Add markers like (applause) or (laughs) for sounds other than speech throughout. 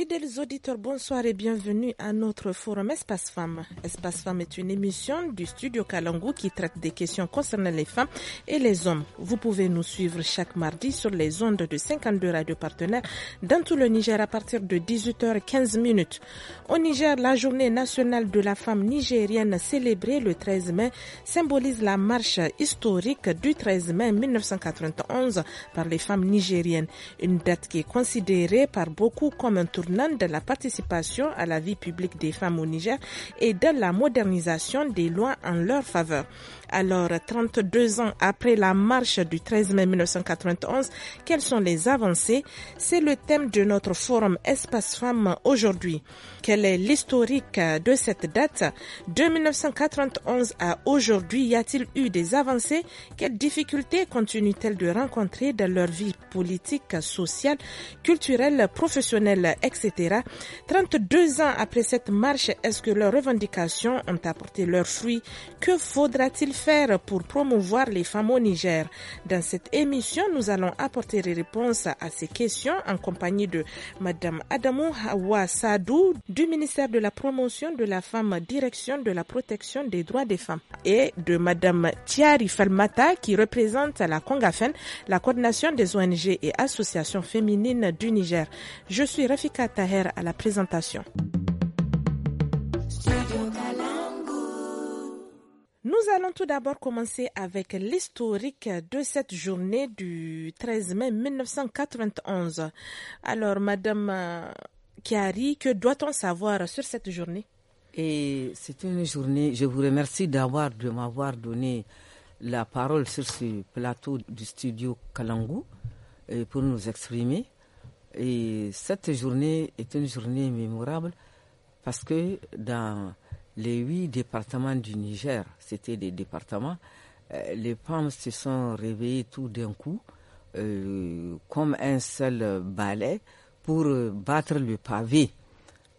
Fidèles auditeurs, bonsoir et bienvenue à notre forum Espace Femmes. Espace Femmes est une émission du studio Kalangu qui traite des questions concernant les femmes et les hommes. Vous pouvez nous suivre chaque mardi sur les ondes de 52 radios partenaires dans tout le Niger à partir de 18h15 minutes. Au Niger, la journée nationale de la femme nigérienne célébrée le 13 mai symbolise la marche historique du 13 mai 1991 par les femmes nigériennes, une date qui est considérée par beaucoup comme un tour de la participation à la vie publique des femmes au Niger et de la modernisation des lois en leur faveur. Alors, 32 ans après la marche du 13 mai 1991, quelles sont les avancées C'est le thème de notre forum Espace Femmes aujourd'hui. Quel est l'historique de cette date De 1991 à aujourd'hui, y a-t-il eu des avancées Quelles difficultés continuent-elles de rencontrer dans leur vie politique, sociale, culturelle, professionnelle, etc. 32 ans après cette marche, est-ce que leurs revendications ont apporté leurs fruits Que faudra-t-il faire pour promouvoir les femmes au Niger Dans cette émission, nous allons apporter les réponses à ces questions en compagnie de Madame Adamou Hawa du ministère de la Promotion de la Femme, Direction de la Protection des Droits des Femmes, et de Madame Thiari Falmata qui représente la Congafen, la coordination des ONG et associations féminines du Niger. Je suis Rafika Taher à la présentation. Nous allons tout d'abord commencer avec l'historique de cette journée du 13 mai 1991. Alors, Madame Chiari, euh, que doit-on savoir sur cette journée Et c'est une journée, je vous remercie d'avoir, de m'avoir donné la parole sur ce plateau du studio Kalangu euh, pour nous exprimer. Et cette journée est une journée mémorable parce que dans les huit départements du Niger, c'était des départements, euh, les femmes se sont réveillées tout d'un coup, euh, comme un seul balai, pour battre le pavé.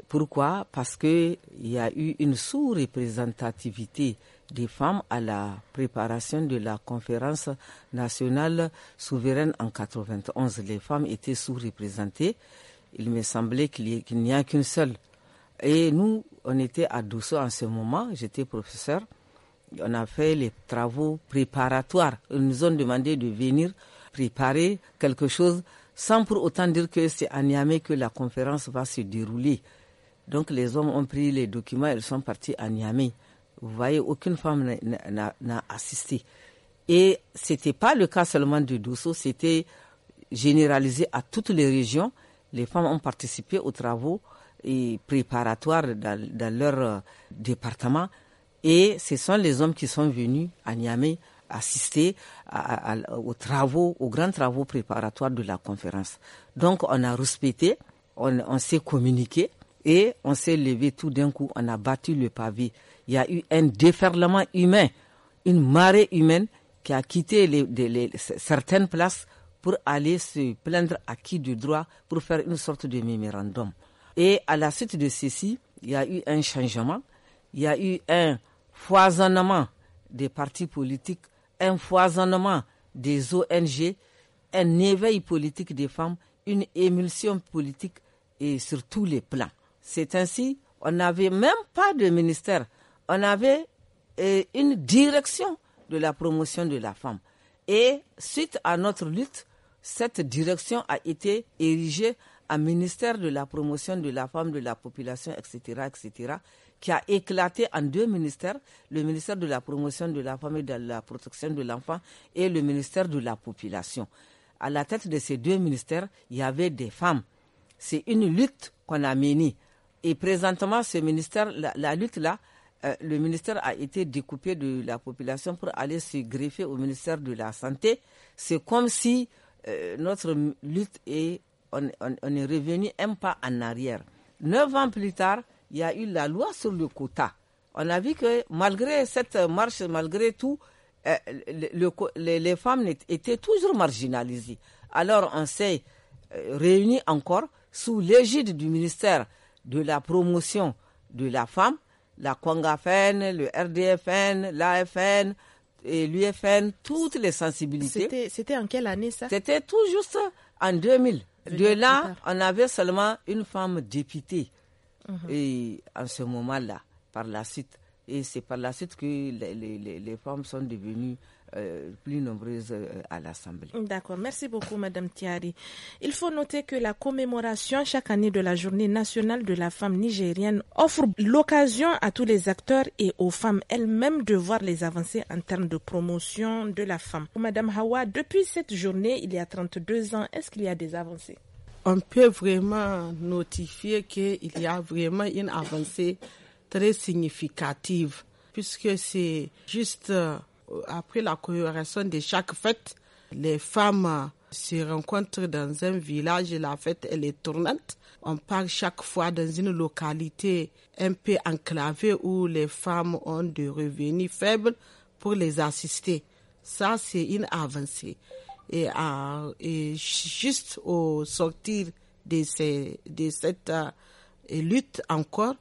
Pourquoi Parce qu'il y a eu une sous-représentativité des femmes à la préparation de la conférence nationale souveraine en 91. Les femmes étaient sous-représentées. Il me semblait qu'il n'y a qu'une seule et nous, on était à Douceau en ce moment, j'étais professeur. On a fait les travaux préparatoires. Ils nous ont demandé de venir préparer quelque chose sans pour autant dire que c'est à Niamey que la conférence va se dérouler. Donc les hommes ont pris les documents, et ils sont partis à Niamey. Vous voyez, aucune femme n'a assisté. Et ce n'était pas le cas seulement de Douceau, c'était généralisé à toutes les régions. Les femmes ont participé aux travaux et préparatoires dans, leur euh, département. Et ce sont les hommes qui sont venus à Niamey assister aux travaux, aux grands travaux préparatoires de la conférence. Donc on a respecté, on, s'est communiqué et on s'est levé tout d'un coup, on a battu le pavé. Il y a eu un déferlement humain, une marée humaine qui a quitté certaines places pour aller se plaindre à qui de droit pour faire une sorte de mémorandum. Et à la suite de ceci, il y a eu un changement, il y a eu un foisonnement des partis politiques, un foisonnement des ONG, un éveil politique des femmes, une émulsion politique et sur tous les plans. C'est ainsi, on n'avait même pas de ministère, on avait euh, une direction de la promotion de la femme. Et suite à notre lutte, cette direction a été érigée un ministère de la promotion de la femme, de la population, etc., etc., qui a éclaté en deux ministères, le ministère de la promotion de la femme et de la protection de l'enfant et le ministère de la population. À la tête de ces deux ministères, il y avait des femmes. C'est une lutte qu'on a menée. Et présentement, ce ministère, la, lutte-là, euh, le ministère a été découpé de la population pour aller se greffer au ministère de la Santé. C'est comme si euh, notre lutte est on, est revenu un pas en arrière. Neuf ans plus tard, il y a eu la loi sur le quota. On a vu que malgré cette marche, malgré tout, euh, les femmes étaient toujours marginalisées. Alors on s'est euh, réunis encore sous l'égide du ministère de la promotion de la femme, la Quangafn, le RDFN, l'AFN et l'UFN, toutes les sensibilités. C'était en quelle année ça C'était tout juste en 2000 de là, on avait seulement une femme députée et en ce moment-là, par la suite. Et c'est par la suite que les femmes sont devenues euh, plus nombreuses euh, à l'Assemblée. D'accord, merci beaucoup Madame Thiari. Il faut noter que la commémoration chaque année de la journée nationale de la femme nigérienne offre l'occasion à tous les acteurs et aux femmes elles-mêmes de voir les avancées en termes de promotion de la femme. Madame Hawa, depuis cette journée, il y a 32 ans, est-ce qu'il y a des avancées on peut vraiment notifier qu'il y a vraiment une avancée très significative, puisque c'est juste euh, euh, après la coloration de chaque fête, les femmes euh, se rencontrent dans un village, la fête elle est tournante. On part chaque fois dans une localité un peu enclavée où les femmes ont des revenus faibles pour les assister. Ça, c'est une avancée. Et, euh, juste au sortir de, de cette lutte encore,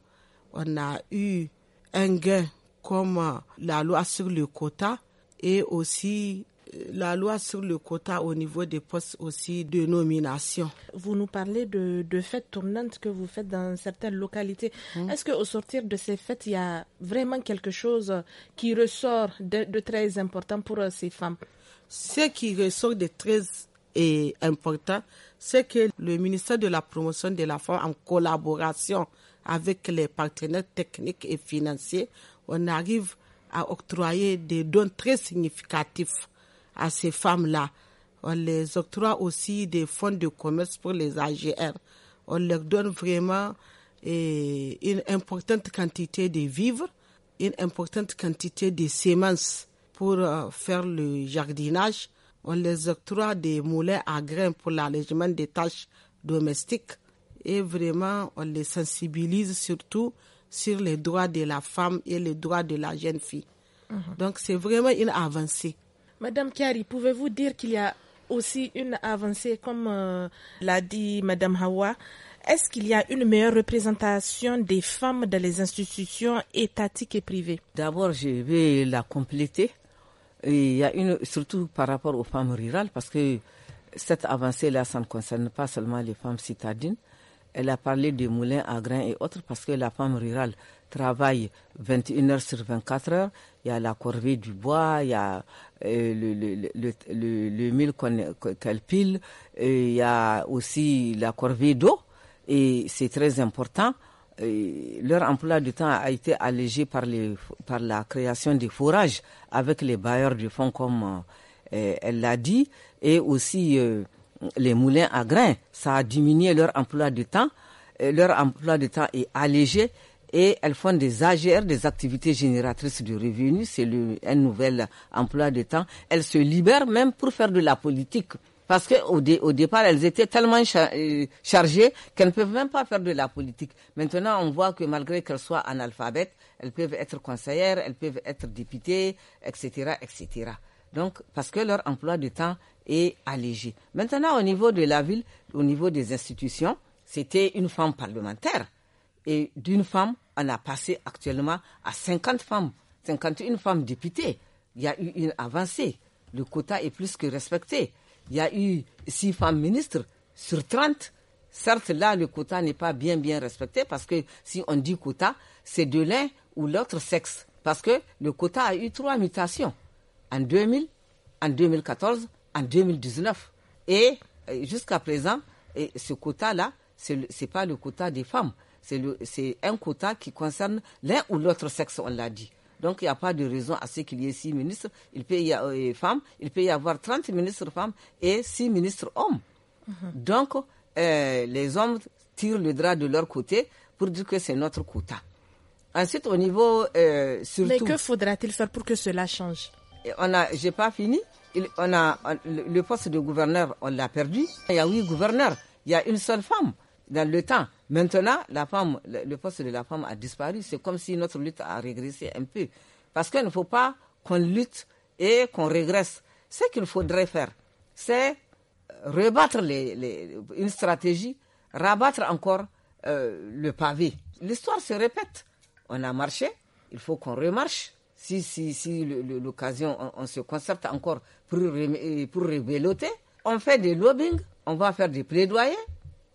on a eu un gain comme euh, la loi sur le quota et aussi euh, la loi sur le quota au niveau des postes aussi de nomination. Vous nous parlez de, de fêtes tournantes que vous faites dans certaines localités. Hein? Est-ce qu'au sortir de ces fêtes, il y a vraiment quelque chose qui ressort de, très important pour euh, ces femmes Ce qui ressort de très et important, c'est que le ministère de la Promotion de la Femme, en collaboration avec les partenaires techniques et financiers, on arrive à octroyer des dons très significatifs à ces femmes-là. On les octroie aussi des fonds de commerce pour les AGR. On leur donne vraiment eh, une importante quantité de vivres, une importante quantité de semences pour euh, faire le jardinage. On les octroie des moulins à grains pour l'allègement des tâches domestiques. Et vraiment, on les sensibilise surtout sur les droits de la femme et les droits de la jeune fille. Mhm. Donc c'est vraiment une avancée. Madame Chiari, pouvez-vous dire qu'il y a aussi une avancée, comme euh, l'a dit Madame Hawa Est-ce qu'il y a une meilleure représentation des femmes dans les institutions étatiques et privées D'abord, je vais la compléter. il y a une, surtout par rapport aux femmes rurales, parce que cette avancée-là, ça ne concerne pas seulement les femmes citadines, elle a parlé des moulins à grains et autres parce que la femme rurale travaille 21 heures sur 24 heures. Il y a la corvée du bois, il y a euh, le, le, le, le, mille qu'elle pile, et il y a aussi la corvée d'eau. Et c'est très important. leur emploi du temps a été allégé par, les, par la création des fourrages avec les bailleurs du fonds, comme euh, elle l'a dit, et aussi euh, les moulins à grains. Ça a diminué leur emploi de temps. Euh, leur emploi de temps est allégé et elles font des AGR, des activités génératrices de revenus. C'est un nouvel emploi de temps. Elles se libèrent même pour faire de la politique. Parce qu'au au départ, elles étaient tellement euh, chargées qu'elles ne peuvent même pas faire de la politique. Maintenant, on voit que malgré qu'elles soient analphabètes, elles peuvent être conseillères, elles peuvent être députées, etc., etc. Donc, parce que leur emploi de temps et allégé. Maintenant, au niveau de la ville, au niveau des institutions, c'était une femme parlementaire. Et d'une femme, on a passé actuellement à 50 femmes, 51 femmes députées. Il y a eu une avancée. Le quota est plus que respecté. Il y a eu 6 femmes ministres sur 30. Certes, là, le quota n'est pas bien, bien respecté parce que si on dit quota, c'est de l'un ou l'autre sexe. Parce que le quota a eu trois mutations. En 2000, en 2014 en 2019. Et euh, jusqu'à présent, ce quota-là, ce n'est pas le quota des femmes. C'est un quota qui concerne l'un ou l'autre sexe, on l'a dit. Donc, il n'y a pas de raison à ce qu'il y ait six ministres. Il peut y avoir euh, femmes, il peut y avoir 30 ministres femmes et six ministres hommes. Donc, euh, les hommes tirent le drap de leur côté pour dire que c'est notre quota. Ensuite, au niveau Mais que faudra-t-il faire pour que cela change On a, j'ai pas fini on a, le poste de gouverneur, on l'a perdu. Il y a huit gouverneurs, il y a une seule femme dans le temps. Maintenant, la femme, le poste de la femme a disparu. C'est comme si notre lutte a régressé un peu. Parce qu'il ne faut pas qu'on lutte et qu'on régresse. Ce qu'il faudrait faire, c'est rebattre une stratégie, rabattre encore euh, le pavé. L'histoire se répète. On a marché, il faut qu'on remarche si, l'occasion, on, se constate encore pour, euh, pour révéloter. On fait des lobbying, on va faire des plaidoyers,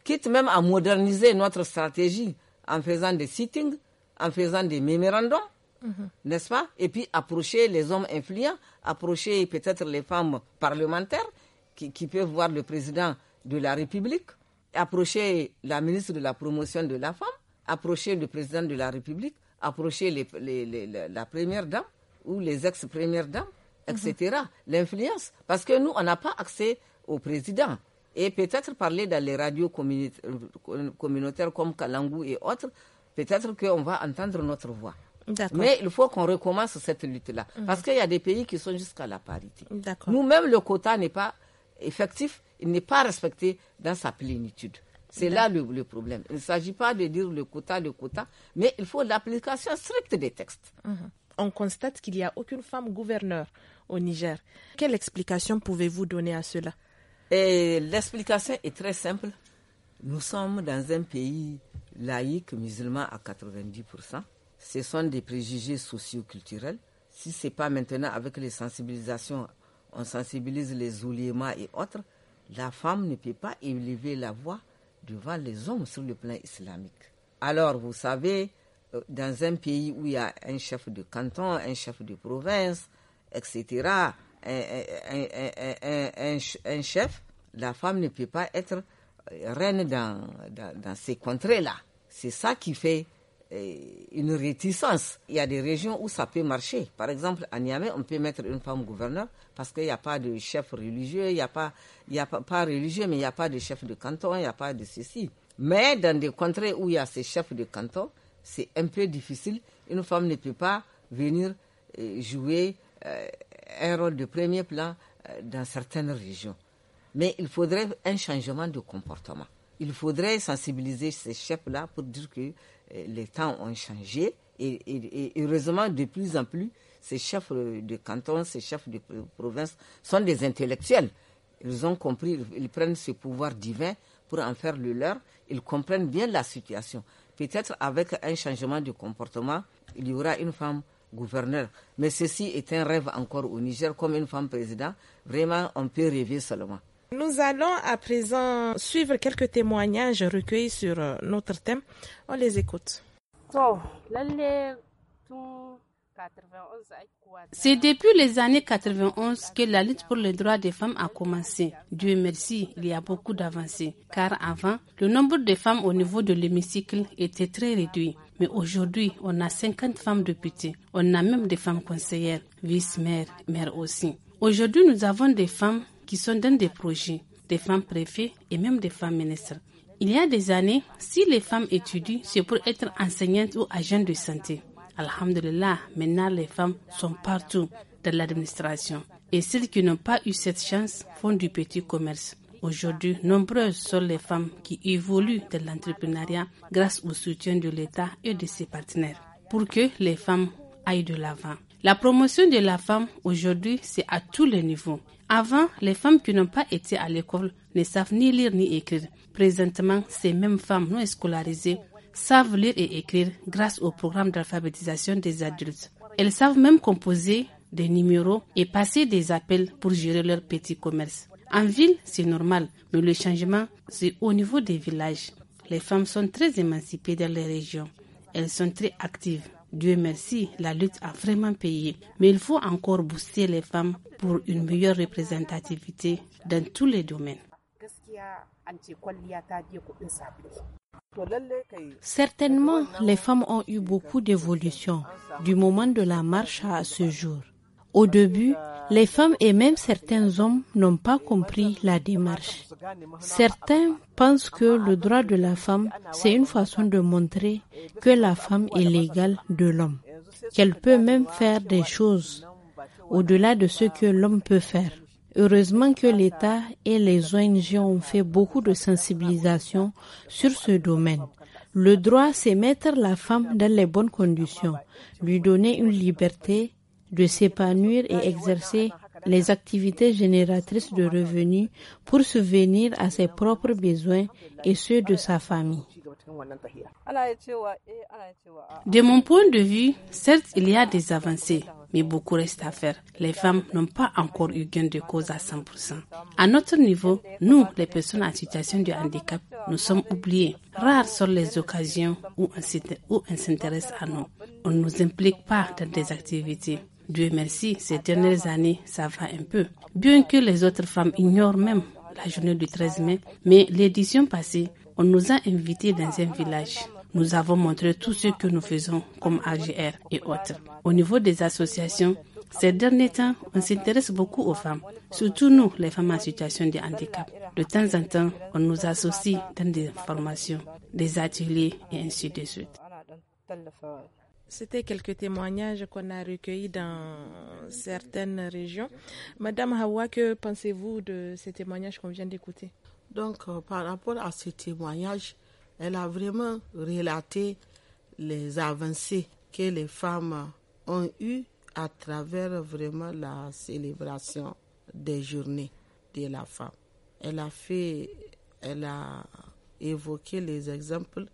quitte même à moderniser notre stratégie en faisant des sittings, en faisant des mémorandums, mhm. n'est-ce pas Et puis approcher les hommes influents, approcher peut-être les femmes parlementaires qui, qui peuvent voir le président de la République, approcher la ministre de la promotion de la femme, approcher le président de la République, approcher la première dame ou les ex-premières dames, mhm. etc. L'influence. Parce que nous, on n'a pas accès au président. Et peut-être parler dans les radios communautaires comme Kalangu et autres, peut-être qu'on va entendre notre voix. Mais il faut qu'on recommence cette lutte-là. Mhm. Parce qu'il y a des pays qui sont jusqu'à la parité. Nous-mêmes, le quota n'est pas effectif, il n'est pas respecté dans sa plénitude. C'est là le, problème. Il ne s'agit pas de dire le quota, le quota, mais il faut l'application stricte des textes. Mhm. On constate qu'il n'y a aucune femme gouverneure au Niger. Quelle explication pouvez-vous donner à cela L'explication est très simple. Nous sommes dans un pays laïque musulman à 90%. Ce sont des préjugés socioculturels. Si ce n'est pas maintenant avec les sensibilisations, on sensibilise les oulémas et autres, la femme ne peut pas élever la voix devant les hommes sur le plan islamique. Alors, vous savez, euh, dans un pays où il y a un chef de canton, un chef de province, etc., un, chef, la femme ne peut pas être euh, reine dans ces contrées-là. C'est ça qui fait une réticence. Il y a des régions où ça peut marcher. Par exemple, à Niamey, on peut mettre une femme gouverneur parce qu'il n'y a pas de chef religieux, il n'y a, pas, il y a pas, religieux, mais il n'y a pas de chef de canton, il n'y a pas de ceci. Mais dans des contrées où il y a ces chefs de canton, c'est un peu difficile. Une femme ne peut pas venir euh, jouer euh, un rôle de premier plan euh, dans certaines régions. Mais il faudrait un changement de comportement. Il faudrait sensibiliser ces chefs-là pour dire que euh, les temps ont changé et, heureusement de plus en plus, ces chefs de canton, ces chefs de province sont des intellectuels. Ils ont compris, ils prennent ce pouvoir divin pour en faire le leur. Ils comprennent bien la situation. Peut-être avec un changement de comportement, il y aura une femme gouverneur. Mais ceci est un rêve encore au Niger, comme une femme président. Vraiment, on peut rêver seulement. Nous allons à présent suivre quelques témoignages recueillis sur euh, notre thème. On les écoute. C'est depuis les années 91 que la lutte pour les droits des femmes a commencé. Dieu merci, il y a beaucoup d'avancées. Car avant, le nombre de femmes au niveau de l'hémicycle était très réduit. Mais aujourd'hui, on a 50 femmes députées. On a même des femmes conseillères, vice mères mères aussi. Aujourd'hui, nous avons des femmes qui sont dans des projets, des femmes préfets et même des femmes ministres. Il y a des années, si les femmes étudient, c'est pour être enseignantes ou agentes de santé. Alhamdulillah, maintenant les femmes sont partout dans l'administration. Et celles qui n'ont pas eu cette chance font du petit commerce. Aujourd'hui, nombreuses sont les femmes qui évoluent dans l'entrepreneuriat grâce au soutien de l'État et de ses partenaires pour que les femmes aillent de l'avant. La promotion de la femme aujourd'hui, c'est à tous les niveaux. Avant, les femmes qui n'ont pas été à l'école ne savent ni lire ni écrire. Présentement, ces mêmes femmes non scolarisées savent lire et écrire grâce au programme d'alphabétisation des adultes. Elles savent même composer des numéros et passer des appels pour gérer leur petit commerce. En ville, c'est normal, mais le changement, c'est au niveau des villages. Les femmes sont très émancipées dans les régions. Elles sont très actives. Dieu merci, la lutte a vraiment payé. Mais il faut encore booster les femmes pour une meilleure représentativité dans tous les domaines. Certainement, les femmes ont eu beaucoup d'évolution du moment de la marche à ce jour. Au début, les femmes et même certains hommes n'ont pas compris la démarche. Certains pensent que le droit de la femme, c'est une façon de montrer que la femme est l'égale de l'homme, qu'elle peut même faire des choses au-delà de ce que l'homme peut faire. Heureusement que l'État et les ONG ont fait beaucoup de sensibilisation sur ce domaine. Le droit, c'est mettre la femme dans les bonnes conditions, lui donner une liberté de s'épanouir et exercer les activités génératrices de revenus pour subvenir à ses propres besoins et ceux de sa famille. De mon point de vue, certes, il y a des avancées, mais beaucoup reste à faire. Les femmes n'ont pas encore eu gain de cause à 100%. À notre niveau, nous, les personnes en situation de handicap, nous sommes oubliés. Rares sont les occasions où on s'intéresse à nous. On ne nous implique pas dans des activités. Dieu merci, ces dernières années, ça va un peu. Bien que les autres femmes ignorent même la journée du 13 mai, mais l'édition passée, on nous a invités dans un village. Nous avons montré tout ce que nous faisons comme AGR et autres. Au niveau des associations, ces derniers temps, on s'intéresse beaucoup aux femmes, surtout nous, les femmes en situation de handicap. De temps en temps, on nous associe dans des formations, des ateliers et ainsi de suite. C'était quelques témoignages qu'on a recueillis dans certaines régions. Madame Hawa, que pensez-vous de ces témoignages qu'on vient d'écouter Donc, euh, par rapport à ces témoignages, elle a vraiment relaté les avancées que les femmes ont eues à travers vraiment la célébration des journées de la femme. Elle a fait, elle a évoqué les exemples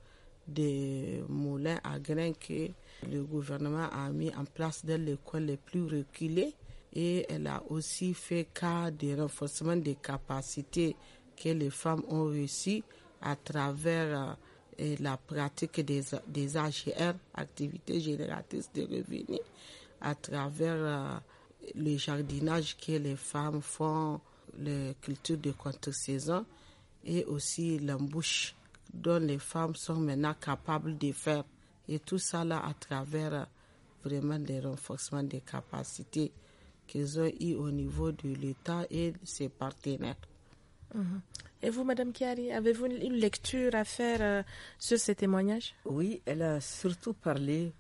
des moulins à grains que le gouvernement a mis en place dans l'école les plus reculés, et elle a aussi fait cas des renforcements des capacités que les femmes ont reçues à travers euh, la pratique des, AGR, activités génératrices de revenus, à travers euh, le jardinage que les femmes font, les culture de contre-saison et aussi l'embouche dont les femmes sont maintenant capables de faire. Et tout ça là à travers euh, vraiment des renforcements des capacités qu'ils ont eu au niveau de l'État et ses partenaires. Mhm. Et vous, Madame Chiari, avez-vous une lecture à faire euh, sur ces témoignages Oui, elle a surtout parlé,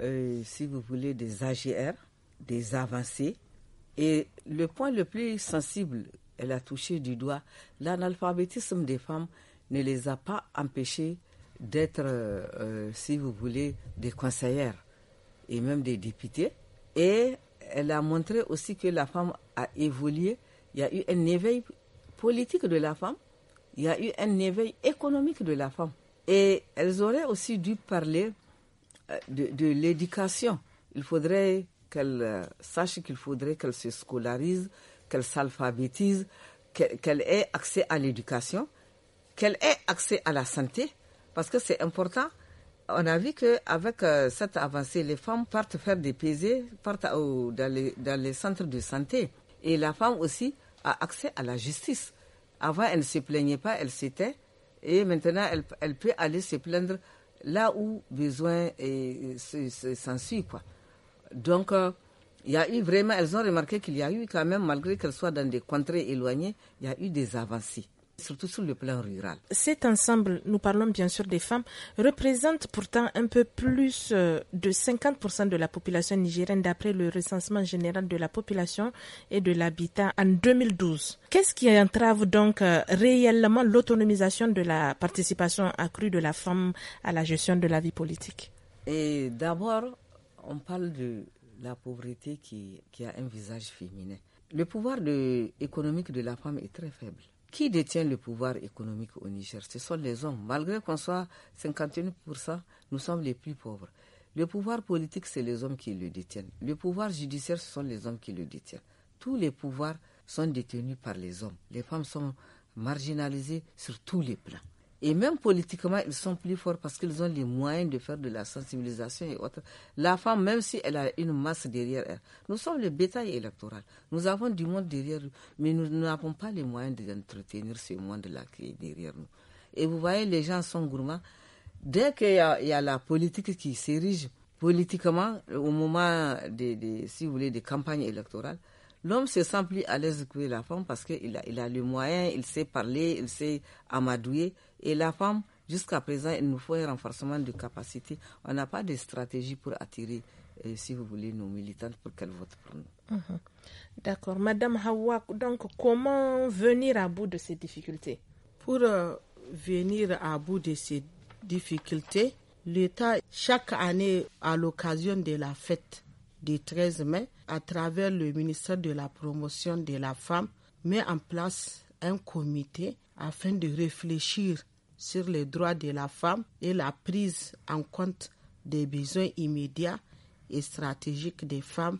euh, si vous voulez, des AGR, des avancées. Et le point le plus sensible, elle a touché du doigt, l'analphabétisme des femmes ne les a pas empêchées d'être, euh, euh, si vous voulez, des conseillères et même des députés. Et elle a montré aussi que la femme a évolué. Il y a eu un éveil politique de la femme, il y a eu un éveil économique de la femme. Et elles auraient aussi dû parler euh, de, de l'éducation. Il faudrait qu'elles sachent qu'il faudrait qu'elles se scolarisent, qu'elles s'alphabétisent, qu'elles aient accès à l'éducation, qu'elles aient accès à la santé parce que c'est important. On a vu qu'avec euh, cette avancée, les femmes partent faire des pesées, partent dans, les, centres de santé. Et la femme aussi a accès à la justice. Avant, elle ne se plaignait pas, elle s'était. Et maintenant, elle, peut aller se plaindre là où besoin s'ensuit. quoi. Donc, euh, il y a eu vraiment, elles ont remarqué qu'il y a eu quand même, malgré qu'elles soient dans des contrées éloignées, il y a eu des avancées surtout sur le plan rural. Cet ensemble, nous parlons bien sûr des femmes, représente pourtant un peu plus euh, de 50% de la population nigérienne d'après le recensement général de la population et de l'habitat en 2012. Qu'est-ce qui entrave donc euh, réellement l'autonomisation de la participation accrue de la femme à la gestion de la vie politique Et d'abord, on parle de la pauvreté qui, a un visage féminin. Le pouvoir économique de la femme est très faible qui détient le pouvoir économique au Niger Ce sont les hommes. Malgré qu'on soit 51%, nous sommes les plus pauvres. Le pouvoir politique, c'est les hommes qui le détiennent. Le pouvoir judiciaire, ce sont les hommes qui le détiennent. Tous les pouvoirs sont détenus par les hommes. Les femmes sont marginalisées sur tous les plans. Et même politiquement, ils sont plus forts parce qu'ils ont les moyens de faire de la sensibilisation et autres. La femme, même si elle a une masse derrière elle, nous sommes le bétail électoral. Nous avons du monde derrière nous, mais nous n'avons pas les moyens d'entretenir ce monde-là qui est derrière nous. Et vous voyez, les gens sont gourmands. Dès qu'il y, a la politique qui s'érige politiquement, au moment des, si vous voulez, des campagnes électorales, l'homme se sent plus à l'aise que la femme parce qu'il a, il a le moyen, il sait parler, il sait amadouer. Et la femme, jusqu'à présent, il nous faut un renforcement de capacité. On n'a pas de stratégie pour attirer, euh, si vous voulez, nos militantes pour qu'elles votent pour mhm. D'accord. Madame Hawa, donc comment venir à bout de ces difficultés Pour euh, venir à bout de ces difficultés, l'État, chaque année, à l'occasion de la fête du 13 mai, à travers le ministère de la Promotion de la Femme, met en place un comité afin de réfléchir sur les droits de la femme et la prise en compte des besoins immédiats et stratégiques des femmes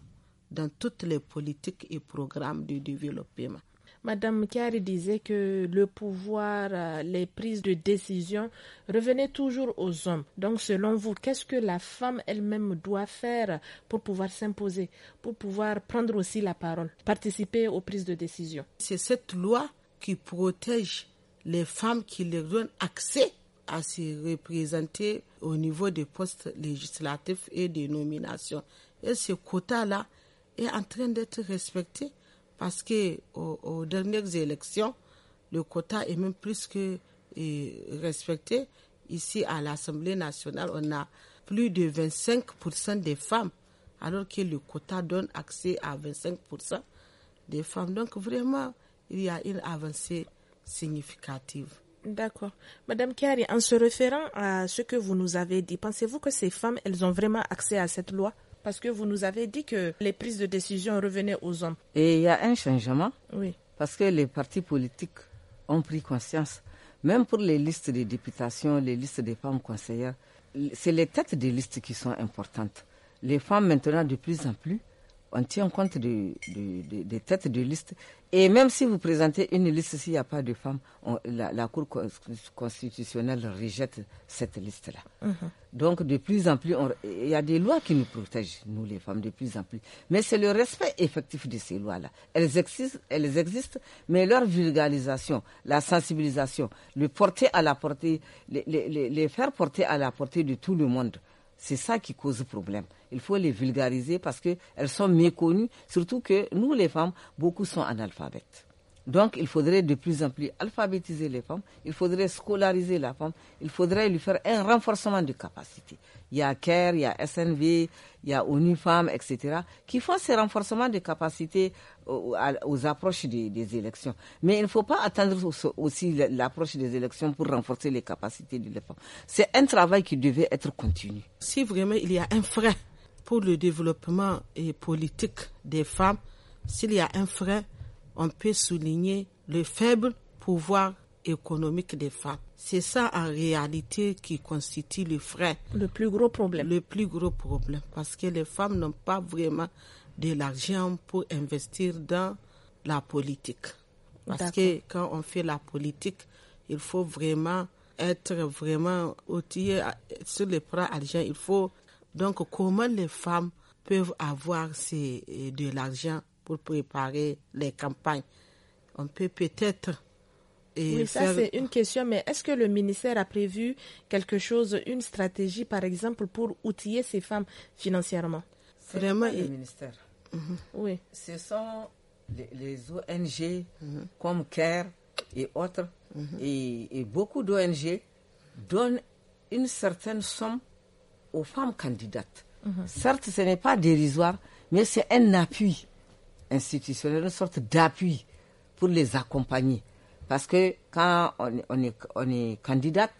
dans toutes les politiques et programmes de développement. Madame Kari disait que le pouvoir, euh, les prises de décision revenaient toujours aux hommes. Donc, selon vous, qu'est-ce que la femme elle-même doit faire pour pouvoir s'imposer, pour pouvoir prendre aussi la parole, participer aux prises de décision C'est cette loi qui protège les femmes qui leur donnent accès à se représenter au niveau des postes législatifs et des nominations. Et ce quota-là est en train d'être respecté parce que aux, dernières élections, le quota est même plus que respecté. Ici, à l'Assemblée nationale, on a plus de 25% des femmes, alors que le quota donne accès à 25% des femmes. Donc vraiment, il y a une avancée significative. D'accord. Madame Kiari, en se référant à ce que vous nous avez dit, pensez-vous que ces femmes, elles ont vraiment accès à cette loi Parce que vous nous avez dit que les prises de décision revenaient aux hommes. Et il y a un changement. Oui. Parce que les partis politiques ont pris conscience. Même pour les listes de députations, les listes des femmes conseillères, c'est les têtes des listes qui sont importantes. Les femmes, maintenant, de plus en plus, on tient compte des têtes de liste. Et même si vous présentez une liste, s'il n'y a pas de femmes, la, Cour constitutionnelle rejette cette liste-là. Mhm. Donc, de plus en plus, il y a des lois qui nous protègent, nous les femmes, de plus en plus. Mais c'est le respect effectif de ces lois-là. Elles existent, elles existent, mais leur vulgarisation, la sensibilisation, le porter à la les faire porter à la portée de tout le monde. C'est ça qui cause problème. Il faut les vulgariser parce qu'elles sont méconnues, surtout que nous, les femmes, beaucoup sont analphabètes. Donc, il faudrait de plus en plus alphabétiser les femmes, il faudrait scolariser la femme, il faudrait lui faire un renforcement de capacité. Il y a CARE, il y a SNV, il y a ONU Femmes, etc., qui font ces renforcements de capacité aux, approches des, élections. Mais il ne faut pas attendre aussi l'approche des élections pour renforcer les capacités des femmes. C'est un travail qui devait être continu. Si vraiment il y a un frein pour le développement et politique des femmes, s'il y a un frein, on peut souligner le faible pouvoir économique des femmes. C'est ça en réalité qui constitue le frein. Le plus gros problème. Le plus gros problème, parce que les femmes n'ont pas vraiment de l'argent pour investir dans la politique. Parce que quand on fait la politique, il faut vraiment être vraiment outillé sur les plans argent. Il faut donc comment les femmes peuvent avoir ces, euh, de l'argent pour préparer les campagnes. On peut peut-être euh, oui, ça c'est une question, mais est-ce que le ministère a prévu quelque chose, une stratégie par exemple pour outiller ces femmes financièrement Vraiment, le ministère. Mm-hmm. Oui. Ce sont les, ONG mm-hmm. comme CARE et autres, mm-hmm. et, beaucoup d'ONG donnent une certaine somme aux femmes candidates. Certes, ce n'est pas dérisoire, mais c'est un appui institutionnel, une sorte d'appui pour les accompagner. Parce que quand on, est, on est candidate,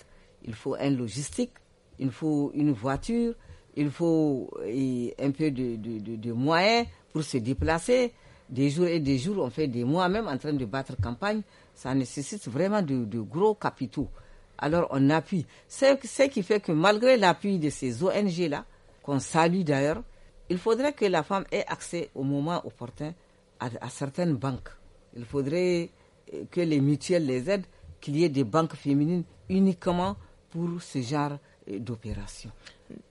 il faut un logistique, il faut une voiture, il faut euh, un peu de, moyens pour se déplacer. Des jours et des jours, on fait des mois même en train de battre campagne. Ça nécessite vraiment de, gros capitaux. Alors on appuie. C'est ce qui fait que malgré l'appui de ces ONG-là, qu'on salue d'ailleurs, il faudrait que la femme ait accès au moment opportun à, à certaines banques. Il faudrait euh, que les mutuelles les aident, qu'il y ait des banques féminines uniquement pour ce genre d'opération.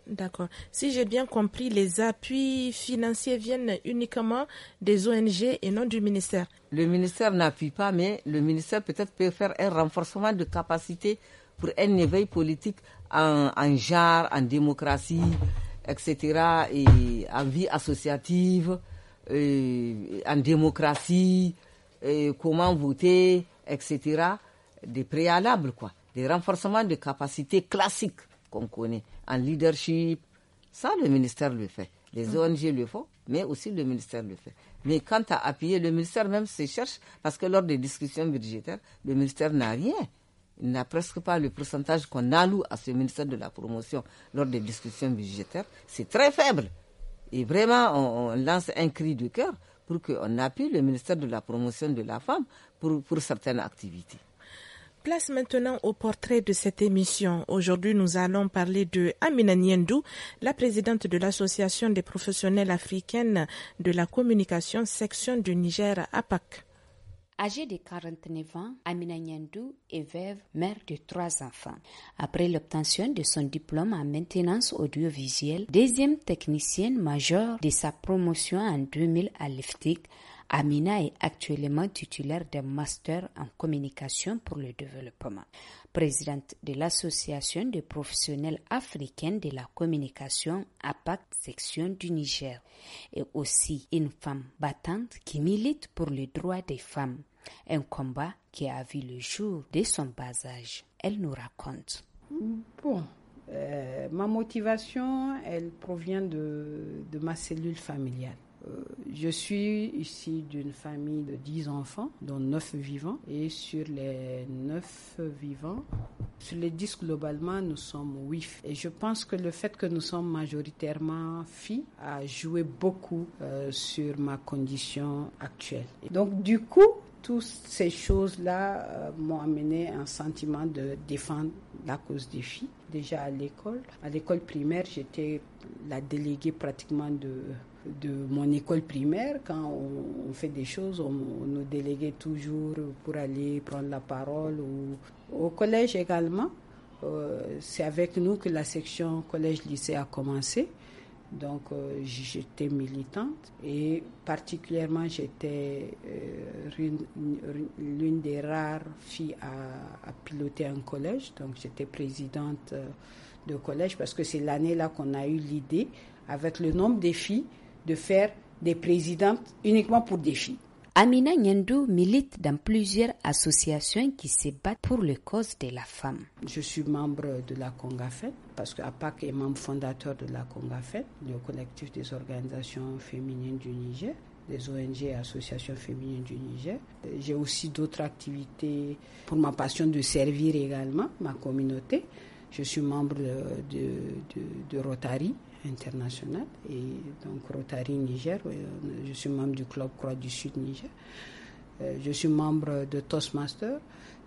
D'accord. Si j'ai bien compris, les appuis financiers viennent uniquement des ONG et non du ministère. Le ministère n'appuie pas, mais le ministère peut-être peut faire un renforcement de capacité pour un éveil politique en, en genre, en démocratie, etc., et en vie associative, en démocratie, comment voter, etc., des préalables, quoi, des renforcements de capacité classiques qu'on connaît en leadership. Ça, le ministère le fait. Les hum. ONG le font, mais aussi le ministère le fait. Mais quant à appuyer, le ministère même se cherche, parce que lors des discussions budgétaires, le ministère n'a rien. Il n'a presque pas le pourcentage qu'on alloue à ce ministère de la promotion lors des discussions budgétaires. C'est très faible. Et vraiment, on, lance un cri de cœur pour qu'on appuie le ministère de la promotion de la femme pour, pour certaines activités. Place maintenant au portrait de cette émission. Aujourd'hui, nous allons parler de Amina Niendou, la présidente de l'Association des professionnels africaines de la communication section du Niger APAC. Âgée de 49 ans, Amina Yendou est veuve, mère de trois enfants. Après l'obtention de son diplôme en maintenance audiovisuelle, deuxième technicienne majeure de sa promotion en 2000 à l'EFTIC, Amina est actuellement titulaire d'un master en communication pour le développement. Présidente de l'Association des professionnels africains de la communication APAC section du Niger et aussi une femme battante qui milite pour les droits des femmes. Un combat qui a vu le jour dès son bas âge. Elle nous raconte. Bon, euh, ma motivation, elle provient de ma cellule familiale. Euh, je suis ici d'une famille de 10 enfants, dont 9 vivants. Et sur les 9 vivants, sur les 10 globalement, nous sommes 8. Et je pense que le fait que nous sommes majoritairement filles a joué beaucoup euh, sur ma condition actuelle. donc du coup, toutes ces choses-là euh, m'ont amené un sentiment de défendre la cause des filles. Déjà à l'école, à l'école primaire, j'étais la déléguée pratiquement de de mon école primaire, quand on, fait des choses, on, nous déléguait toujours pour aller prendre la parole. Ou, au collège également, euh, c'est avec nous que la section collège-lycée a commencé. Donc euh, j'étais militante et particulièrement j'étais euh, l'une des rares filles à, à, piloter un collège. Donc j'étais présidente de collège parce que c'est l'année là qu'on a eu l'idée avec le nombre des filles de faire des présidentes uniquement pour des filles. Amina Nyendou milite dans plusieurs associations qui se battent pour les causes de la femme. Je suis membre de la CONGAFET, parce que est membre fondateur de la CONGAFET, le collectif des organisations féminines du Niger, des ONG et associations féminines du Niger. J'ai aussi d'autres activités pour ma passion de servir également ma communauté. Je suis membre de, de Rotary, international. Et donc Rotary Niger, euh, je suis membre du club Croix du Sud Niger. Euh, je suis membre de Toastmaster.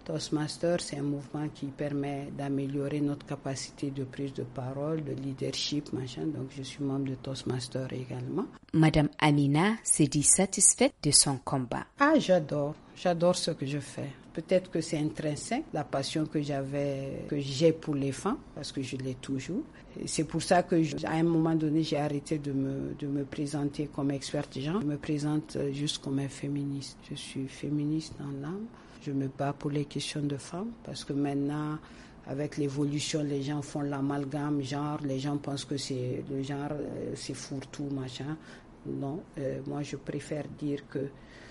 Toastmaster, c'est un mouvement qui permet d'améliorer notre capacité de prise de parole, de leadership, machin. Donc, je suis membre de Toastmaster également. Madame Amina s'est dit satisfaite de son combat. Ah, j'adore. J'adore ce que je fais. Peut-être que c'est intrinsèque, la passion que j'avais, que j'ai pour les femmes, parce que je l'ai toujours. C'est pour ça que, à un moment donné, j'ai arrêté de me, de me présenter comme experte genre. Je me présente euh, juste comme un féministe. Je suis féministe en l'âme. Je me bats pour les questions de femmes, parce que maintenant, avec l'évolution, les gens font l'amalgame genre, les gens pensent que c'est le genre, euh, c'est fourre-tout, machin. Non, euh, moi je préfère dire que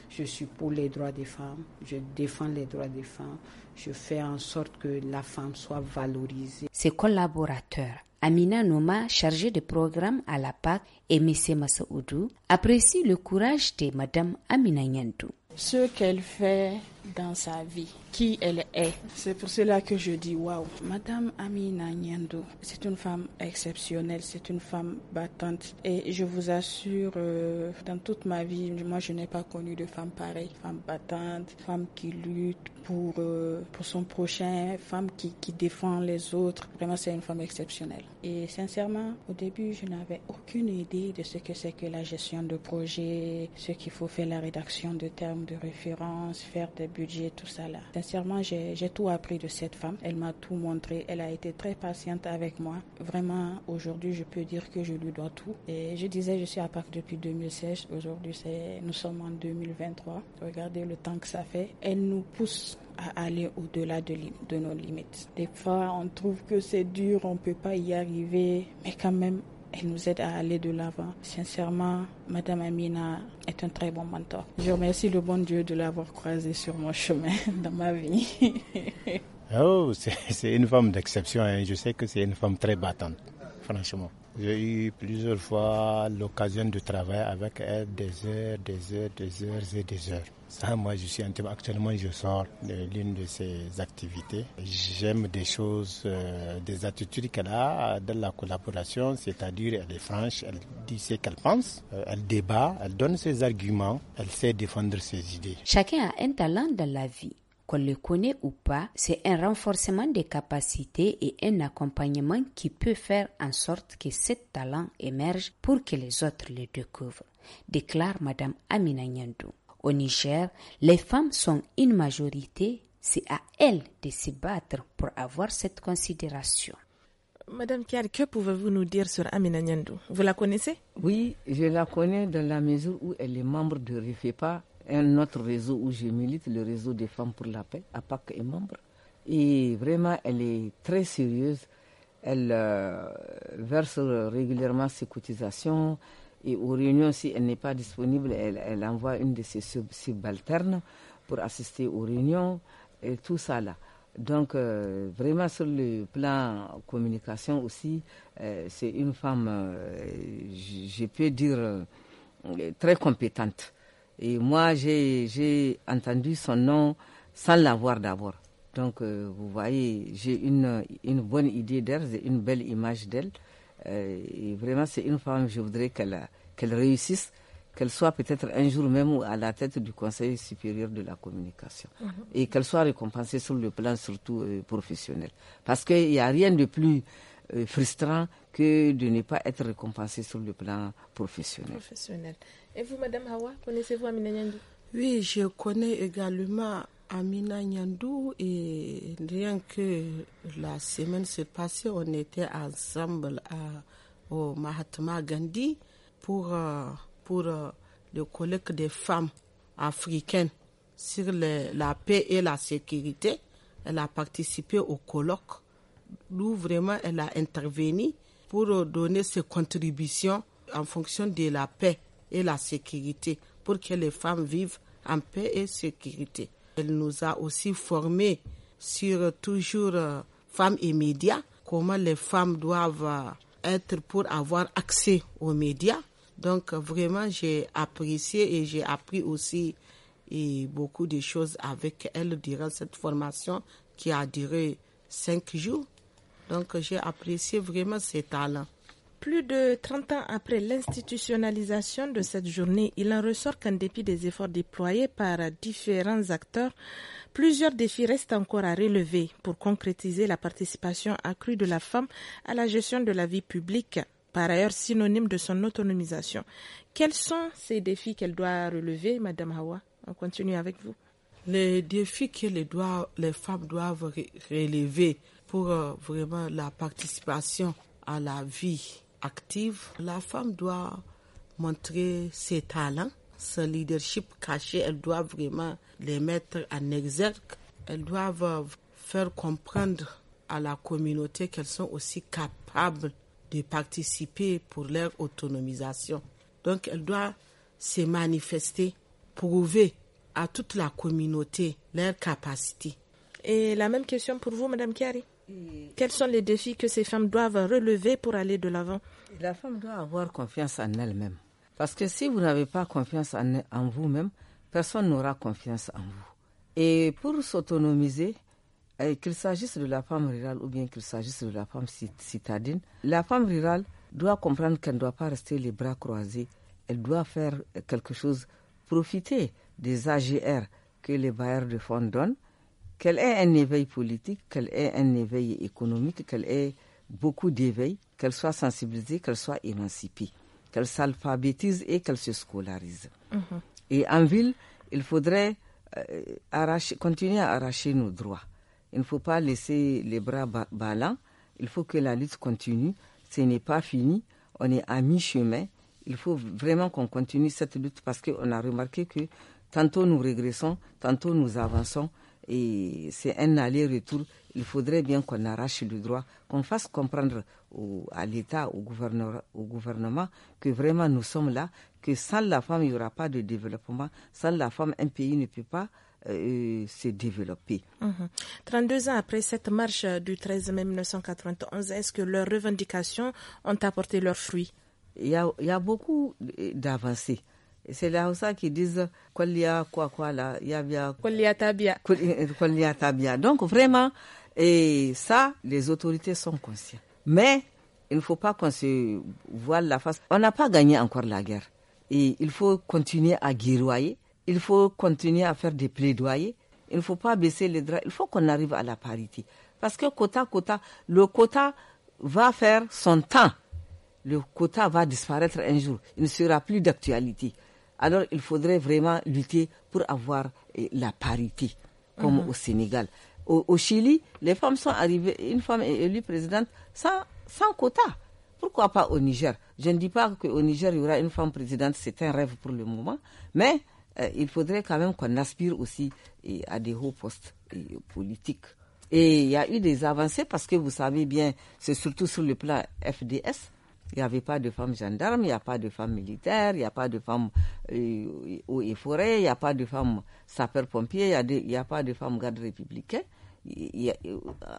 je suis pour les droits des femmes, je défends les droits des femmes, je fais en sorte que la femme soit valorisée. Ses collaborateurs, Amina Noma, chargée de programme à la PAC, et M. Massaoudou, apprécient le courage de Mme Amina Nyandou. Ce qu'elle fait dans sa vie, qui elle est. C'est pour cela que je dis waouh. Madame Amina Nyando, c'est une femme exceptionnelle, c'est une femme battante. Et je vous assure, euh, dans toute ma vie, moi je n'ai pas connu de femme pareille. Femme battante, femme qui lutte pour, euh, pour son prochain, femme qui, qui défend les autres. Vraiment, c'est une femme exceptionnelle. Et sincèrement, au début, je n'avais aucune idée de ce que c'est que la gestion de projet, ce qu'il faut faire, la rédaction de termes de référence, faire des budget, tout ça là. Sincèrement, j'ai tout appris de cette femme. Elle m'a tout montré. Elle a été très patiente avec moi. Vraiment, aujourd'hui, je peux dire que je lui dois tout. Et je disais, je suis à Pâques depuis 2016. Aujourd'hui, c'est, nous sommes en 2023. Regardez le temps que ça fait. Elle nous pousse à aller au-delà de, de nos limites. Des fois, on trouve que c'est dur, on peut pas y arriver, mais quand même, elle nous aide à aller de l'avant. Sincèrement, Madame Amina est un très bon mentor. Je remercie le bon Dieu de l'avoir croisée sur mon chemin (laughs) dans ma vie. (laughs) oh, c'est une femme d'exception. Hein. Je sais que c'est une femme très battante, franchement. J'ai eu plusieurs fois l'occasion de travailler avec elle des heures, des heures, des heures et des heures moi, je suis actuellement, je sors de l'une de ses activités. J'aime des choses, euh, des attitudes qu'elle a dans la collaboration, c'est-à-dire elle est franche, elle dit ce qu'elle pense, euh, elle débat, elle donne ses arguments, elle sait défendre ses idées. Chacun a un talent dans la vie. Qu'on le connaît ou pas, c'est un renforcement des capacités et un accompagnement qui peut faire en sorte que ce talent émerge pour que les autres le découvrent, déclare Madame Amina Nyandou. Au Niger, les femmes sont une majorité, c'est à elles de se battre pour avoir cette considération. Madame Kiar, que pouvez-vous nous dire sur Amina Nyandou Vous la connaissez Oui, je la connais dans la mesure où elle est membre de REFEPA, un autre réseau où je milite, le réseau des femmes pour la paix. APAC est membre. Et vraiment, elle est très sérieuse. Elle euh, verse régulièrement ses cotisations. Et aux réunions, si elle n'est pas disponible, elle, envoie une de ses subalternes pour assister aux réunions et tout ça là. Donc, euh, vraiment sur le plan communication aussi, euh, c'est une femme, euh, je peux dire, très compétente. Et moi, j'ai entendu son nom sans l'avoir d'abord. Donc, vous voyez, j'ai une, une bonne idée d'elle, une belle image d'elle. Euh, et vraiment, c'est une femme, je voudrais qu'elle réussisse, qu'elle soit peut-être un jour même à la tête du Conseil supérieur de la communication mhm. et qu'elle soit récompensée sur le plan surtout euh, professionnel. Parce qu'il n'y a rien de plus euh, frustrant que de ne pas être récompensée sur le plan professionnel. Et vous, Madame Hawa, connaissez-vous Amina Oui, je connais également Amina Nyandou, et rien que la semaine s'est passée, on était ensemble à, au Mahatma Gandhi pour, euh, pour euh, le colloque des femmes africaines sur la paix et la sécurité. Elle a participé au colloque où vraiment elle a intervenu pour donner ses contributions en fonction de la paix et la sécurité pour que les femmes vivent en paix et sécurité. Elle nous a aussi formés sur toujours euh, femmes et médias, comment les femmes doivent euh, être pour avoir accès aux médias. Donc vraiment, j'ai apprécié et j'ai appris aussi beaucoup de choses avec elle durant cette formation qui a duré cinq jours. Donc j'ai apprécié vraiment ses talents plus de 30 ans après l'institutionnalisation de cette journée, il en ressort qu'en dépit des efforts déployés par différents acteurs, plusieurs défis restent encore à relever pour concrétiser la participation accrue de la femme à la gestion de la vie publique, par ailleurs synonyme de son autonomisation. Quels sont ces défis qu'elle doit relever, Madame Hawa On continue avec vous. Les défis que les, femmes doivent relever pour euh, vraiment la participation à la vie active, la femme doit montrer ses talents, son leadership caché. Elle doit vraiment les mettre en exergue. elle doit faire comprendre à la communauté qu'elles sont aussi capables de participer pour leur autonomisation. Donc, elle doit se manifester, prouver à toute la communauté leur capacité. Et la même question pour vous, Madame Kiari quels sont les défis que ces femmes doivent relever pour aller de l'avant La femme doit avoir confiance en elle-même. Parce que si vous n'avez pas confiance en, vous-même, personne n'aura confiance en vous. Et pour s'autonomiser, eh, qu'il s'agisse de la femme rurale ou bien qu'il s'agisse de la femme citadine, la femme rurale doit comprendre qu'elle ne doit pas rester les bras croisés. Elle doit faire quelque chose, profiter des AGR que les bailleurs de fonds donnent qu'elle ait un éveil politique, qu'elle ait un éveil économique, qu'elle ait beaucoup d'éveil, qu'elle soit sensibilisée, qu'elle soit émancipée, qu'elle s'alphabétise et qu'elle se scolarise. Mhm. Et en ville, il faudrait euh, continuer à arracher nos droits. Il ne faut pas laisser les bras ballants. Il faut que la lutte continue. Ce n'est pas fini. On est à mi-chemin. Il faut vraiment qu'on continue cette lutte parce qu'on a remarqué que tantôt nous régressons, tantôt nous avançons et c'est un aller-retour. Il faudrait bien qu'on arrache le droit, qu'on fasse comprendre à l'État, au, au gouvernement, que vraiment nous sommes là, que sans la femme, il n'y aura pas de développement. Sans la femme, un pays ne peut pas euh, se développer. 32 mhm. ans après cette marche du 13 mai 1991, est-ce que leurs revendications ont apporté leurs fruits il y a beaucoup euh, d'avancées quoi, quoi, là, il y a bien ».« Qu'il y a ta qu'il y ta tabia donc vraiment et ça les autorités sont conscientes mais il ne faut pas qu'on se voile la face on n'a pas gagné encore la guerre et il faut continuer à guerroyer il faut continuer à faire des plaidoyers il ne faut pas baisser les draps il faut qu'on arrive à la parité parce que quota quota le quota va faire son temps le quota va disparaître un jour il ne sera plus d'actualité alors il faudrait vraiment lutter pour avoir eh, la parité, comme mhm. au Sénégal. Au, Chili, les femmes sont arrivées, une femme est élue présidente sans, sans quota. Pourquoi pas au Niger Je ne dis pas qu'au Niger, il y aura une femme présidente, c'est un rêve pour le moment, mais eh, il faudrait quand même qu'on aspire aussi eh, à des hauts postes politiques. Et il y a eu des avancées parce que vous savez bien, c'est surtout sur le plan FDS il n'y avait pas de femmes gendarmes, il n'y a pas de femmes militaires, il n'y a pas de femmes euh, forêts, il n'y a pas de femmes sapeurs-pompiers, il n'y a, pas de femmes gardes républicains. Euh,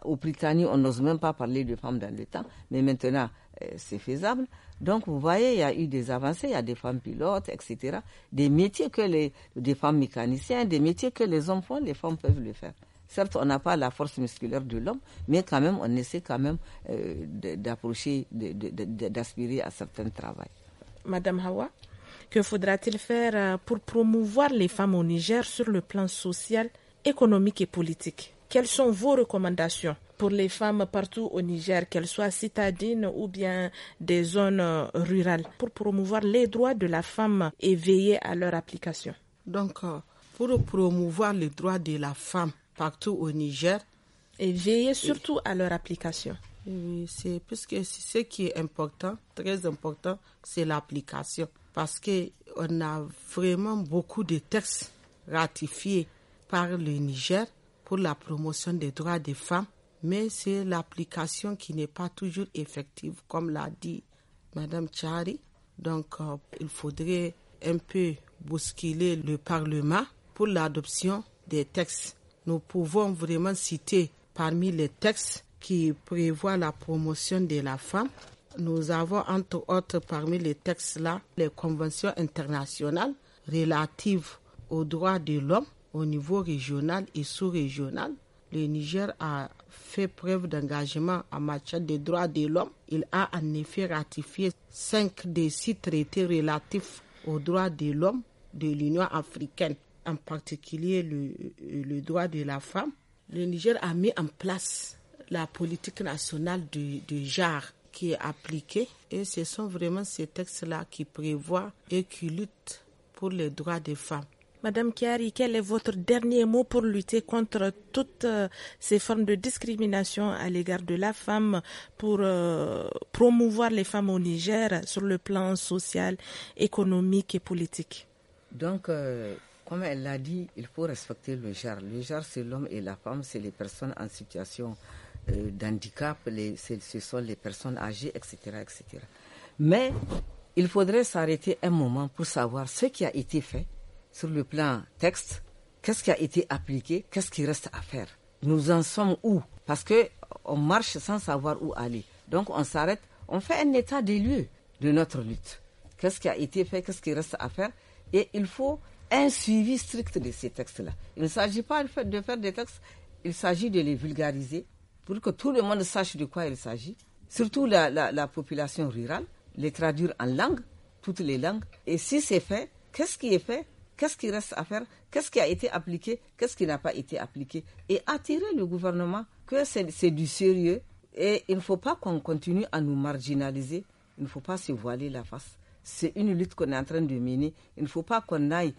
Au Britannique, on n'ose même pas parler de femmes dans le temps, mais maintenant, euh, c'est faisable. Donc, vous voyez, il y a eu des avancées, il y a des femmes pilotes, etc. Des métiers que les, femmes mécaniciennes, des métiers que les hommes font, les femmes peuvent le faire. Certes, on n'a pas la force musculaire de l'homme, mais quand même, on essaie quand même euh, d'approcher, d'aspirer à certains travaux. Madame Hawa, que faudra-t-il faire euh, pour promouvoir les femmes au Niger sur le plan social, économique et politique Quelles sont vos recommandations pour les femmes partout au Niger, qu'elles soient citadines ou bien des zones euh, rurales, pour promouvoir les droits de la femme et veiller à leur application Donc, pour promouvoir les droits de la femme, partout au Niger. Et veillez surtout à leur application. Oui, c'est puisque ce qui est important, très important, c'est l'application. Parce qu'on a vraiment beaucoup de textes ratifiés par le Niger pour la promotion des droits des femmes, mais c'est l'application qui n'est pas toujours effective, comme l'a dit Madame Chari. Donc, euh, il faudrait un peu bousculer le Parlement pour l'adoption des textes nous pouvons vraiment citer parmi les textes qui prévoient la promotion de la femme. Nous avons entre autres parmi les textes là les conventions internationales relatives aux droits de l'homme au niveau régional et sous-régional. Le Niger a fait preuve d'engagement en matière de droits de l'homme. Il a en effet ratifié cinq des six traités relatifs aux droits de l'homme de l'Union africaine en particulier le, droit de la femme, le Niger a mis en place la politique nationale du de genre qui est appliquée et ce sont vraiment ces textes-là qui prévoient et qui luttent pour les droits des femmes. Madame Kiari, quel est votre dernier mot pour lutter contre toutes euh, ces formes de discrimination à l'égard de la femme, pour euh, promouvoir les femmes au Niger sur le plan social, économique et politique Donc, euh, comme elle l'a dit, il faut respecter le genre. Le genre, c'est l'homme et la femme, c'est les personnes en situation euh, d'handicap, ce sont les personnes âgées, etc., etc. Mais il faudrait s'arrêter un moment pour savoir ce qui a été fait sur le plan texte, qu'est-ce qui a été appliqué, qu'est-ce qui reste à faire. Nous en sommes où Parce que on marche sans savoir où aller. Donc on s'arrête, on fait un état des lieux de notre lutte. Qu'est-ce qui a été fait, qu'est-ce qui reste à faire Et il faut un suivi strict de ces textes-là. Il ne s'agit pas de faire, des textes, il s'agit de les vulgariser pour que tout le monde sache de quoi il s'agit, surtout la, la, population rurale, les traduire en langue, toutes les langues. Et si c'est fait, qu'est-ce qui est fait Qu'est-ce qui reste à faire Qu'est-ce qui a été appliqué Qu'est-ce qui n'a pas été appliqué Et attirer le gouvernement que c'est du sérieux et il ne faut pas qu'on continue à nous marginaliser. Il ne faut pas se voiler la face. C'est une lutte qu'on est en train de mener. Il ne faut pas qu'on aille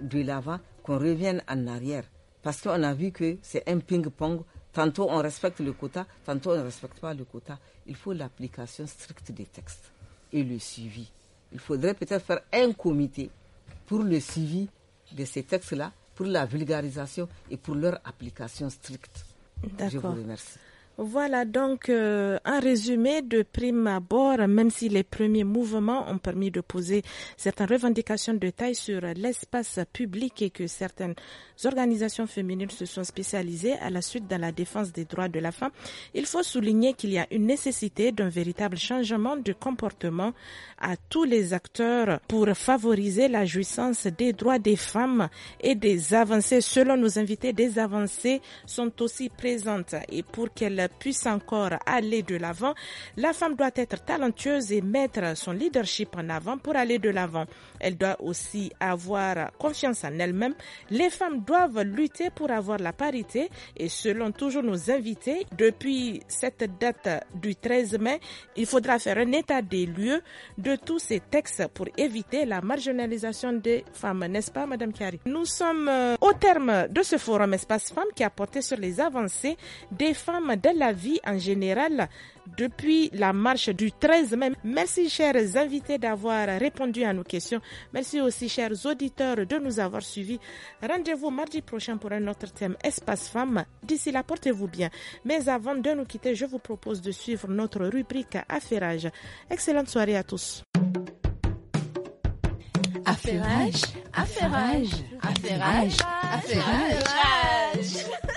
de l'avant qu'on revienne en arrière. Parce qu'on a vu que c'est un ping-pong. Tantôt on respecte le quota, tantôt on ne respecte pas le quota. Il faut l'application stricte des textes et le suivi. Il faudrait peut-être faire un comité pour le suivi de ces textes-là, pour la vulgarisation et pour leur application stricte. Je vous remercie. Voilà donc euh, un résumé de prime abord, même si les premiers mouvements ont permis de poser certaines revendications de taille sur l'espace public et que certaines organisations féminines se sont spécialisées à la suite dans la défense des droits de la femme. Il faut souligner qu'il y a une nécessité d'un véritable changement de comportement à tous les acteurs pour favoriser la jouissance des droits des femmes et des avancées. Selon nos invités, des avancées sont aussi présentes et pour qu'elles puisse encore aller de l'avant, la femme doit être talentueuse et mettre son leadership en avant pour aller de l'avant. Elle doit aussi avoir confiance en elle-même. Les femmes doivent lutter pour avoir la parité et selon toujours nos invités, depuis cette date du 13 mai, il faudra faire un état des lieux de tous ces textes pour éviter la marginalisation des femmes, n'est-ce pas, Madame Chiari Nous sommes euh, au terme de ce forum Espace Femmes qui a porté sur les avancées des femmes dès la vie en général depuis la marche du 13 mai. Merci chers invités d'avoir répondu à nos questions. Merci aussi chers auditeurs de nous avoir suivis. Rendez-vous mardi prochain pour un autre thème Espace Femmes. D'ici là, portez-vous bien. Mais avant de nous quitter, je vous propose de suivre notre rubrique Affairage. Excellente soirée à tous. Affairage, affairage, affairage, affairage.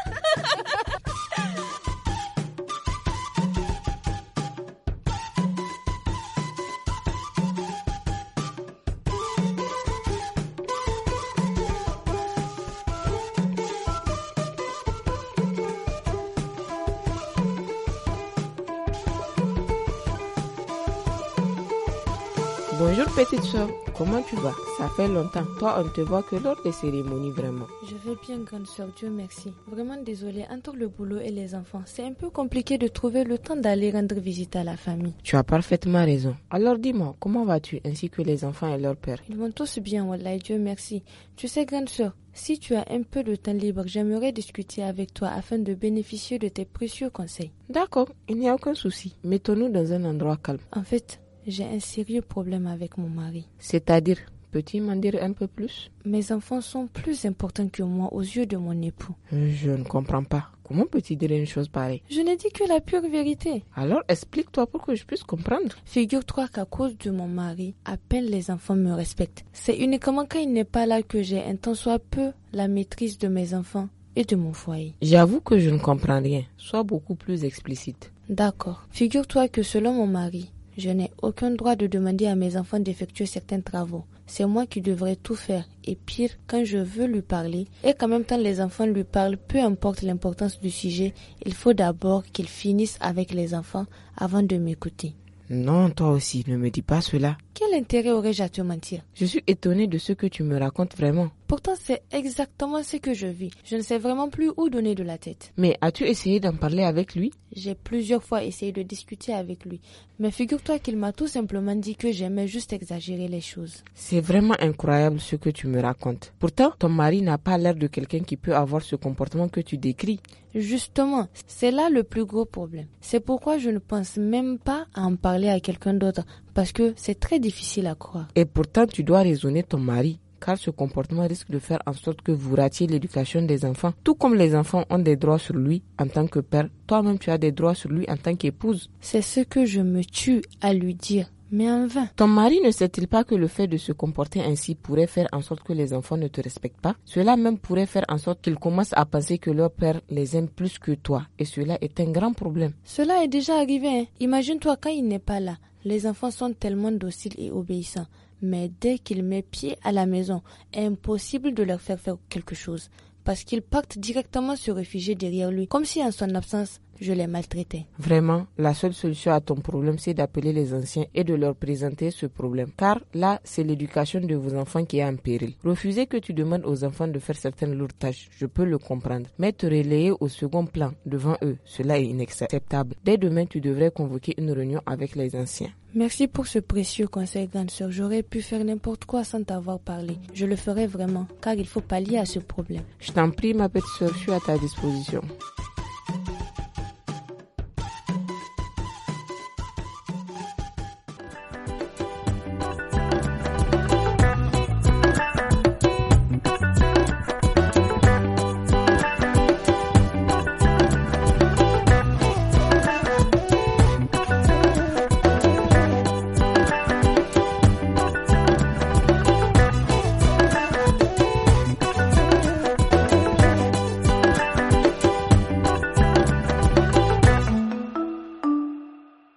petite soeur, comment tu vas Ça fait longtemps. Toi, on ne te voit que lors des cérémonies, vraiment. Je vais bien, grande soeur, Dieu merci. Vraiment désolé, entre le boulot et les enfants, c'est un peu compliqué de trouver le temps d'aller rendre visite à la famille. Tu as parfaitement raison. Alors dis-moi, comment vas-tu, ainsi que les enfants et leur père Ils vont tous bien, Wallah, Dieu merci. Tu sais, grande soeur, si tu as un peu de temps libre, j'aimerais discuter avec toi afin de bénéficier de tes précieux conseils. D'accord, il n'y a aucun souci. Mettons-nous dans un endroit calme. En fait, j'ai un sérieux problème avec mon mari. C'est-à-dire Peux-tu m'en dire un peu plus Mes enfants sont plus importants que moi aux yeux de mon époux. Je ne comprends pas. Comment peux-tu dire une chose pareille Je n'ai dit que la pure vérité. Alors explique-toi pour que je puisse comprendre. Figure-toi qu'à cause de mon mari, à peine les enfants me respectent. C'est uniquement quand il n'est pas là que j'ai un tant soit peu la maîtrise de mes enfants et de mon foyer. J'avoue que je ne comprends rien. Sois beaucoup plus explicite. D'accord. Figure-toi que selon mon mari, je n'ai aucun droit de demander à mes enfants d'effectuer certains travaux. C'est moi qui devrais tout faire. Et pire, quand je veux lui parler, et qu'en même temps les enfants lui parlent, peu importe l'importance du sujet, il faut d'abord qu'ils finissent avec les enfants avant de m'écouter. Non, toi aussi, ne me dis pas cela. Quel intérêt aurais-je à te mentir Je suis étonnée de ce que tu me racontes vraiment. Pourtant, c'est exactement ce que je vis. Je ne sais vraiment plus où donner de la tête. Mais as-tu essayé d'en parler avec lui J'ai plusieurs fois essayé de discuter avec lui. Mais figure-toi qu'il m'a tout simplement dit que j'aimais juste exagérer les choses. C'est vraiment incroyable ce que tu me racontes. Pourtant, ton mari n'a pas l'air de quelqu'un qui peut avoir ce comportement que tu décris. Justement, c'est là le plus gros problème. C'est pourquoi je ne pense même pas à en parler à quelqu'un d'autre parce que c'est très difficile à croire. Et pourtant, tu dois raisonner ton mari car ce comportement risque de faire en sorte que vous ratiez l'éducation des enfants. Tout comme les enfants ont des droits sur lui en tant que père, toi-même tu as des droits sur lui en tant qu'épouse. C'est ce que je me tue à lui dire. Mais en vain. Ton mari ne sait-il pas que le fait de se comporter ainsi pourrait faire en sorte que les enfants ne te respectent pas Cela même pourrait faire en sorte qu'ils commencent à penser que leur père les aime plus que toi. Et cela est un grand problème. Cela est déjà arrivé. Hein. Imagine-toi quand il n'est pas là. Les enfants sont tellement dociles et obéissants, mais dès qu'ils mettent pied à la maison, impossible de leur faire faire quelque chose parce qu'il pacte directement se réfugier derrière lui, comme si en son absence, je l'ai maltraité. Vraiment, la seule solution à ton problème, c'est d'appeler les anciens et de leur présenter ce problème. Car là, c'est l'éducation de vos enfants qui est en péril. Refuser que tu demandes aux enfants de faire certaines lourdes tâches, je peux le comprendre. Mais te relayer au second plan devant eux, cela est inacceptable. Dès demain, tu devrais convoquer une réunion avec les anciens. Merci pour ce précieux conseil, grande sœur. J'aurais pu faire n'importe quoi sans t'avoir parlé. Je le ferai vraiment, car il faut pallier à ce problème. Je t'en prie, ma petite sœur, je suis à ta disposition.